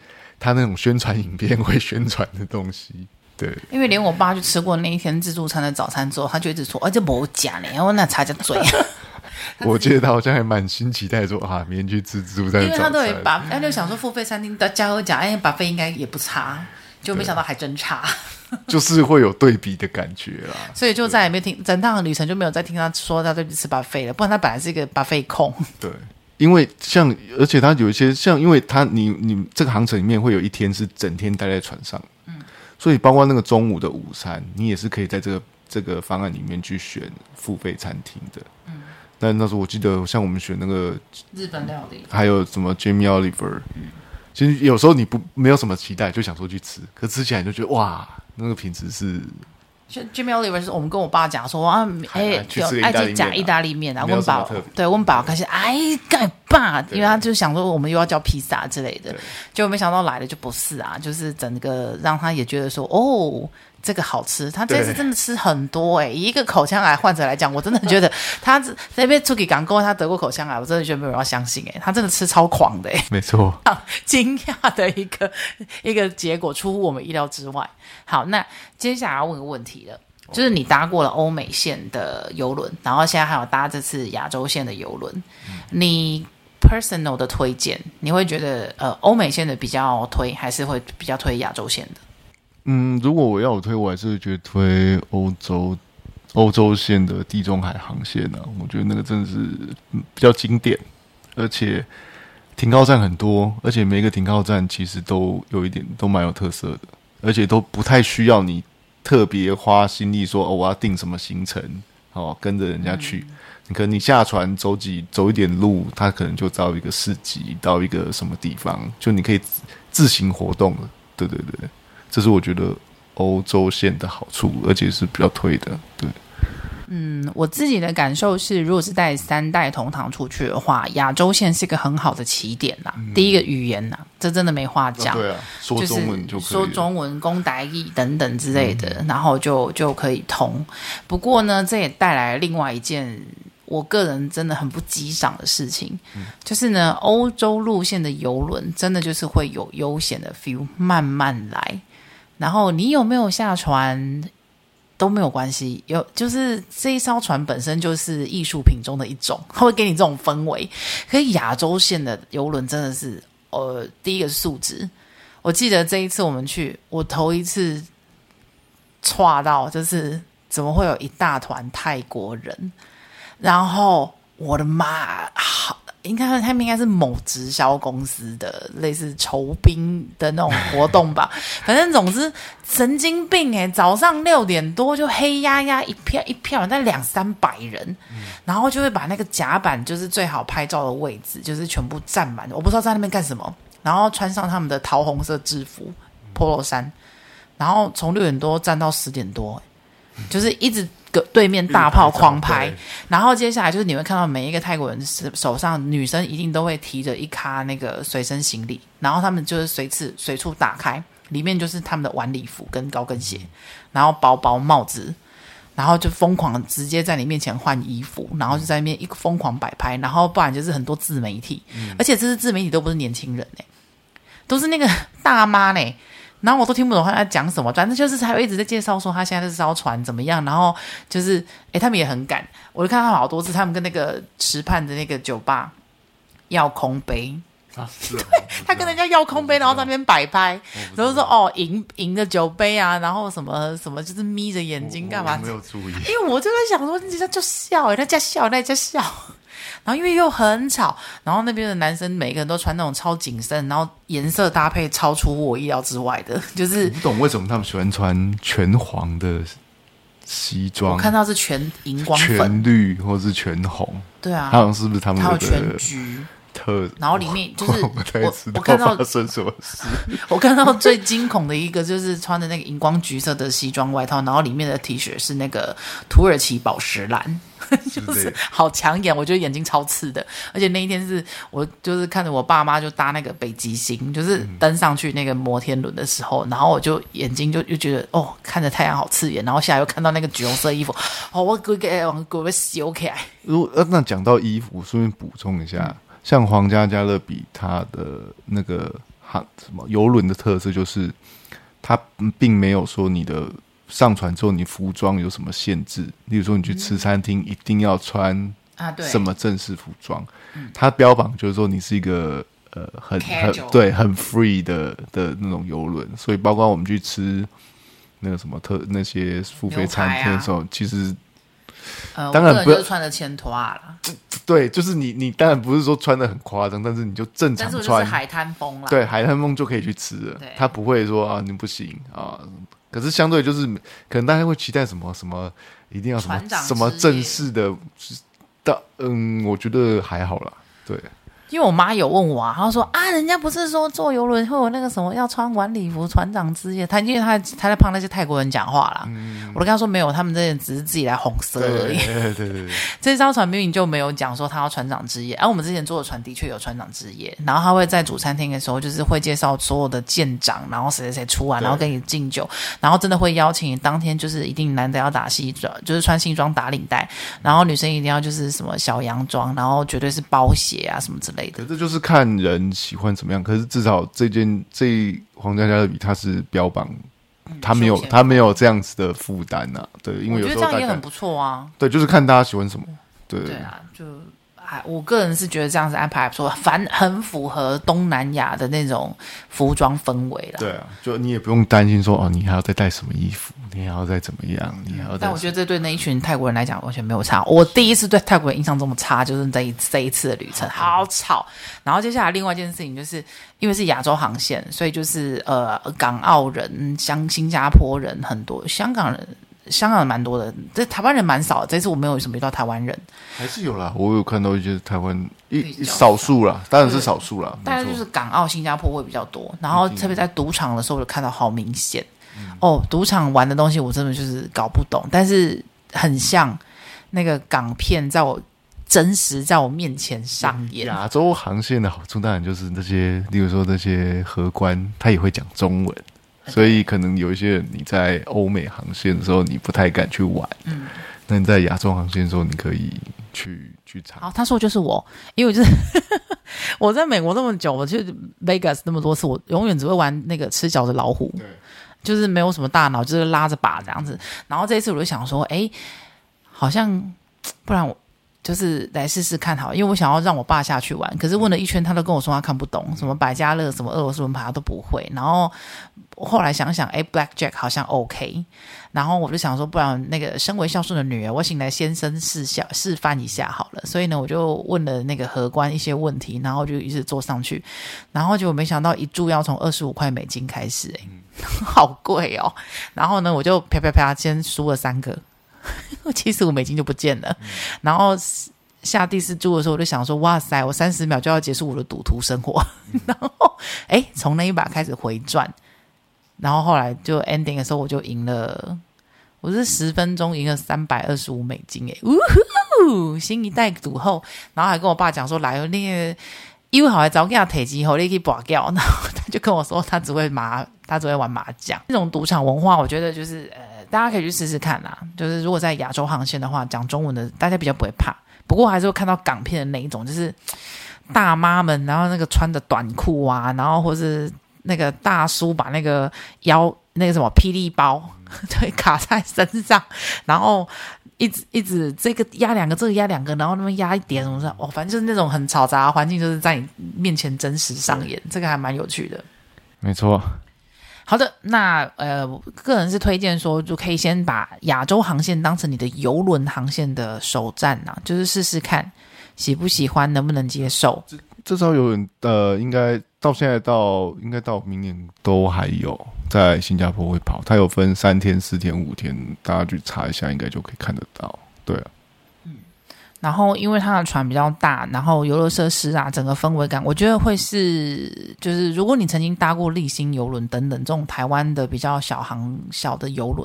他那種宣傳影片會宣傳的東西，對，因為連我爸就吃過那一天自助餐的早餐之後，他就一直說：“哎、哦，這不假呢！”然後那擦着嘴。 我記得他好像還蠻新奇，他說：“啊，明天去吃自助餐。”因為他都得把，他就想說付費餐廳的加歐假，哎巴 u 應該也不差，就沒想到還真差。 就是會有對比的感覺啦，所以就再也沒聽，整趟旅程就沒有再聽他說他對不起巴 f 了，不然他本來是一個巴 u 控。對。因為像，而且它有一些像，因為它你你這個航程裡面會有一天是整天待在船上，嗯，所以包括那個中午的午餐，你也是可以在這個這個方案裡面去選付費餐廳的，嗯。但那時候我記得，像我們選那個日本料理，還有什麼 Jamie Oliver，嗯，其實有時候你不沒有什麼期待，就想說去吃，可吃起來你就覺得哇，那個品質是。就 Jimmy Oliver 是，我們跟我爸講說啊，哎，愛、欸、吃假意大利面啊，溫飽、啊，對，溫飽，可是哎，乾爸，因為他就想說，我們又要叫披薩之類的，結果沒想到來了就不是啊，就是整個讓他也覺得說哦。這個好吃，他這次真的吃很多誒、欸、以一個口腔癌患者來講，我真的覺得他在那 邊出去講過他得過口腔癌、啊，我真的覺得沒有人要相信誒、欸、他真的吃超狂的誒、欸、沒錯好，驚訝的一個一個結果出乎我們意料之外。好，那接下來要問個問題了，就是你搭過了歐美線的郵輪、哦，然後現在還有搭這次亞洲線的郵輪、嗯，你 personal 的推薦，你會覺得呃，歐美線的比較推，還是會比較推亞洲線的？嗯，如果我要我推，我還是會覺得推歐洲，歐洲線的地中海航線呢、啊。我覺得那個真的是比較經典，而且停靠站很多，而且每一個停靠站其實都有一點都蠻有特色的，而且都不太需要你特別花心力說哦，我要訂什麼行程哦，跟着人家去。嗯、你可能你下船走幾走一點路，他可能就到一個市集，到一個什麼地方，就你可以自行活動了。了對對對。這是我覺得歐洲線的好處，而且是比較推的，對。嗯，我自己的感受是，如果是帶三代同堂出去的話，亞洲線是一個很好的起點啦、嗯、第一個語言吶，這真的沒話講。啊對啊，說中文就可以，就是、說中文、公達意等等之類的，嗯、然後就就可以通。不過呢，這也帶來另外一件我個人真的很不欣賞的事情、嗯，就是呢，歐洲路線的遊輪真的就是會有悠閒的 feel，慢慢來。然後你有沒有下船都沒有關係，有就是這一艘船本身就是藝術品中的一種，它會給你這種氛圍。可是亞洲線的遊輪真的是，呃，第一個數值，我記得這一次我們去，我頭一次，詫到就是怎麼會有一大團泰國人？然後我的媽好！應該他們應該是某直銷公司的類似酬賓的那種活動吧。 反正總之神經病哎、欸，早上六點多就黑壓壓一票一票，那兩三百人，嗯，然後就會把那個甲板就是最好拍照的位置就是全部佔滿，我不知道在那邊幹什麼。然後穿上他們的桃紅色制服，polo，嗯，衫，然後從六點多站到十點多，嗯，就是一直。對面大炮狂拍，然後接下來就是你會看到每一個泰國人手手上女生一定都會提着一卡那個隨身行李，然後他們就是隨處隨處打開，裡面就是他們的晚禮服跟高跟鞋，嗯、然後包包帽子，然後就瘋狂直接在你面前換衣服、嗯，然後就在那邊一瘋狂擺拍，然後不然就是很多自媒體，嗯、而且這些自媒體都不是年輕人、欸、都是那個大媽嘞、欸。然後我都聽不懂他在講什麼，反正就是他一直在介紹說他現在這艘船怎麼樣。然後就是，誒他們也很趕，我就看他好多次，他們跟那個池畔的那個酒吧要空杯啊，對 他跟人家要空杯，然後在那邊擺拍，然後說哦，贏贏的酒杯啊，然後什麼什麼，就是眯着眼睛幹嘛？我我沒有注意，因為我就在想說，人家就笑，欸，誒那叫笑，那叫笑。然後因為又很吵，然後那邊的男生每個人都穿那種超緊身，然後顏色搭配超出我意料之外的，就是。你不懂為什麼他們喜歡穿全黃的西裝？我看到是全熒光粉，全綠或者是全紅。對啊，還有是不是他們的？還有全橘。特，然後裡面就是我，看到我看到最驚恐的一個就是穿的那個熒光橘色的西裝外套， 然後裡面的 T 恤是那個土耳其寶石藍，就是好搶眼，我覺得眼睛超刺的。而且那一天是我就是看着我爸媽就搭那個北極星，就是登上去那個摩天輪的時候、嗯，然後我就眼睛就又覺得哦，看着太陽好刺眼，然後下來又看到那個橘色衣服，好、哦、我給給我給我洗起 OK 如果、啊、那講到衣服，我順便補充一下。嗯像皇家加勒比，它的那個哈什麼遊輪的特色就是，它並沒有說你的上船之後你服裝有什麼限制，例如說你去吃餐廳一定要穿什麼正式服裝，它、嗯啊嗯、標榜就是說你是一個呃很很對很 free 的的那種遊輪，所以包括我們去吃那個什麼特那些付費餐廳的時候，啊、其實、呃、當然不、呃、是穿前。穿着千拖啊。對，就是你，你當然不是說穿得很誇張，但是你就正常穿，就是海灘風了。對，海灘風就可以去吃了，他不會說啊，你不行啊。可是相對就是，可能大家會期待什麼什麼，一定要什麼什麼正式的。到嗯，我覺得還好啦，對。因為我媽有問我、啊，她說啊，人家不是說坐遊輪會有那個什麼要穿晚禮服、船長之夜？她因為她她在怕那些泰國人講話啦。嗯、我都跟她說沒有，他們這些只是自己來紅色而已。對對對，對，這艘船明明就沒有講說他要船長之夜，而、啊、我們之前坐的船的確有船長之夜。然後他會在主餐廳的時候，就是會介紹所有的艦長，然後誰誰誰出完、啊，然後跟你敬酒，然後真的會邀請你當天就是一定男的要打西裝，就是穿西裝打領帶，然後女生一定要就是什麼小洋裝，然後絕對是包鞋啊什麼之類的。類。可是這就是看人喜歡怎麼樣。可是至少這件這皇家加勒比，它是標榜，嗯、他沒有他沒有這樣子的負擔啊。對，因為有時候大家我覺得這樣也很不錯啊。對，就是看大家喜歡什麼。對對啊，就。我個人是覺得這樣子安排還不錯，反很符合東南亞的那種服裝氛圍啦。對啊，就你也不用擔心說哦，你還要再帶什麼衣服，你還要再怎麼樣，你還要。但我覺得這對那一群泰國人來講完全沒有差。我第一次對泰國人印象這麼差，就是這一這一次的旅程好，好，好吵。然後接下來另外一件事情，就是因為是亞洲航線，所以就是呃，港澳人、香新加坡人很多，香港人。香港蠻多的，這台灣人蠻少的。這次我沒有什麼遇到台灣人，還是有啦。我有看到一些台灣一,一少數啦，當然是少數啦。當然就是港澳、新加坡會比較多，然後特別在賭場的時候，我就看到好明顯、嗯、哦。賭場玩的東西我真的就是搞不懂，但是很像那個港片，在我真實在我面前上演。亞、嗯、洲航線的好處，當然就是那些，例如說那些荷官，他也會講中文。所以可能有一些人你在歐美航線的時候，你不太敢去玩，嗯，那你在亞洲航線的時候，你可以去去查他說就是我，因為就是 我在美國那麼久，我去 Vegas 那麼多次，我永遠只會玩那個吃角子老虎，對，就是沒有什麼大腦，就是拉着把這樣子。然後這一次我就想說，誒，好像不然我。嗯就是來試試看好，因為我想要讓我爸下去玩，可是問了一圈，他都跟我說他看不懂，什麼百家樂，什麼俄羅斯輪盤他都不會。然後後來想想，哎、欸，Black Jack 好像 OK，然後我就想說，不然那個身為孝順的女兒，我請來先生示下示範一下好了。所以呢，我就問了那個荷官一些問題，然後就一直坐上去，然後就沒想到一注要從二十五塊美金開始，欸，哎，好貴哦。然後呢，我就啪啪啪先輸了三個。七十五美金就不見了。然後下第四注的時候，我就想說：“哇塞，我三十秒就要結束我的賭徒生活。 ”然後，哎、欸，從那一把開始回轉，然後後來就 ending 的時候，我就贏了，我是十分鐘贏了三百二十五美金誒、欸！嗚呼，新一代賭後。然後還跟我爸講說：“來，那個因為好像早給他提及，後你可以拔掉。”然後他就跟我說：“他只會麻，他只會玩麻將。”這種賭場文化，我覺得就是。大家可以去試試看啦，就是如果在亞洲航線的話，講中文的大家比較不會怕。不過還是會看到港片的那一種，就是大媽們，然後那個穿着短褲啊，然後或是那個大叔把那個腰那個什麼霹靂包，對， 卡在身上，然後一直一直這個壓兩個，這個壓兩個，然後那麼壓一點什麼，哦，反正就是那種很嘈雜的環境，就是在你面前真實上演，嗯、這個還蠻有趣的。沒錯。好的，那呃，我個人是推薦說，就可以先把亞洲航線當成你的遊輪航線的首站吶，就是試試看喜不喜歡，能不能接受。這這艘遊輪呃，應該到現在到應該到明年都還有在新加坡會跑，它有分三天、四天、五天，大家去查一下，應該就可以看得到。對啊。然後因為它的船比較大，然後遊樂設施啊，整個氛圍感，我覺得會是就是如果你曾經搭過麗星遊輪等等這種台灣的比較小航小的遊輪，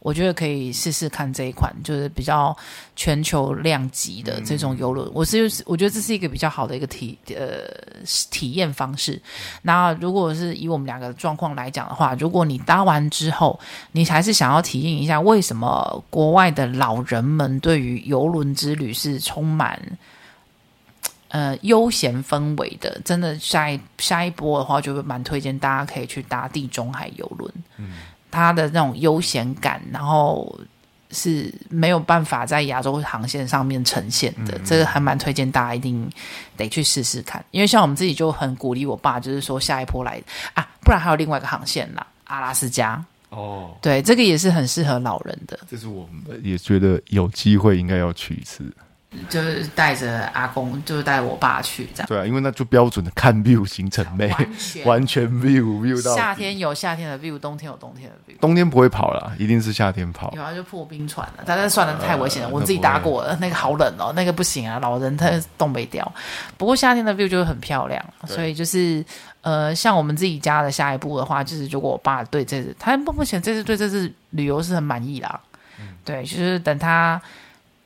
我覺得可以試試看這一款，就是比較全球量級的這種遊輪，嗯。我是我覺得這是一個比較好的一個體呃體驗方式。那如果是以我們兩個狀況來講的話，如果你搭完之後，你還是想要體驗一下為什麼國外的老人們對於遊輪之旅是。充滿呃悠閒氛圍的，真的下一下一波的話，就會蠻推薦大家可以去搭地中海遊輪。嗯，它的那種悠閒感，然後是沒有辦法在亞洲航線上面呈現的。嗯，這個還蠻推薦大家一定得去試試看，因為像我們自己就很鼓勵我爸，就是說下一波來啊，不然還有另外一個航線啦，阿拉斯加。哦，對，這個也是很適合老人的。這是我們也覺得有機會應該要去一次。就是帶着阿公，就是帶我爸去這樣。對啊，因為那就標準的看 view 行程唄，完全， 完全 view view 到。夏天有夏天的 view，冬天有冬天的 view。冬天不會跑了，啊，一定是夏天跑。有啊，就破冰船了，哦，但是算的太危險了，呃、我自己搭過了那，那個好冷哦，那個不行啊，老人他凍未條，嗯。不過夏天的 view 就是很漂亮，所以就是呃，像我們自己家的下一步的話，就是如果我爸對這次他目前這次對這次旅遊是很滿意啦，嗯，對，就是等他。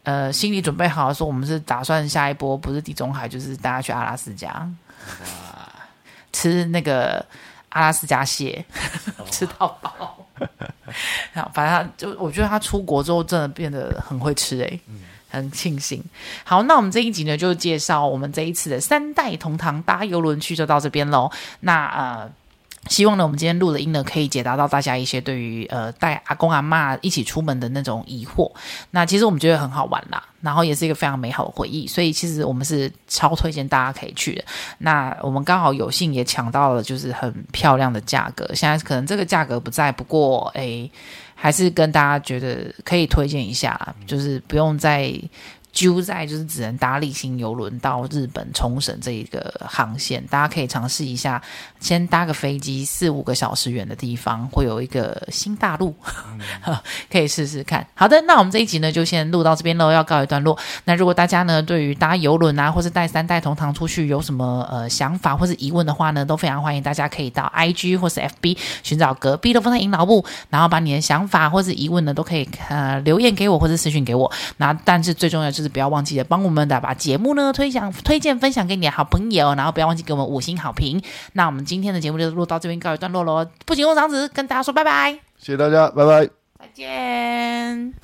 呃，心理準備好的說，我們是打算下一波不是地中海，就是大家去阿拉斯加，吃那個阿拉斯加蟹，哦、 吃到飽飽。 好，反正他就我覺得他出國之後真的變得很會吃，哎、嗯，很慶幸。好，那我們這一集呢，就介紹我們這一次的三代同堂搭遊輪去，就到這邊嘍。那呃。希望呢，我們今天錄的音呢，可以解答到大家一些對於呃帶阿公阿嬤一起出門的那種疑惑。那其實我們覺得很好玩啦，然後也是一個非常美好的回憶，所以其實我們是超推薦大家可以去的。那我們剛好有幸也搶到了，就是很漂亮的價格。現在可能這個價格不在，不過哎、欸，還是跟大家覺得可以推薦一下，就是不用再。就在就是只能搭麗星郵輪到日本沖繩這一個航線，大家可以嘗試一下，先搭個飛機四五個小時遠的地方，會有一個新大陸， 可以試試看。好的，那我們這一集呢就先錄到這邊嘍，要告一段落。那如果大家呢對於搭郵輪啊，或是帶三代同堂出去有什麼呃想法或是疑問的話呢，都非常歡迎大家可以到 I G 或是 F B 尋找隔壁的龍鳳胎陰老木，然後把你的想法或是疑問呢都可以呃留言給我或者私訊給我。那但是最重要就是。不要忘記了幫我們來把節目呢推享推薦分享給你的好朋友，然後不要忘記給我們五星好評。那我們今天的節目就錄到這邊告一段落嘍，不行用上紙，用嗓子跟大家說拜拜，謝謝大家，拜拜，再見。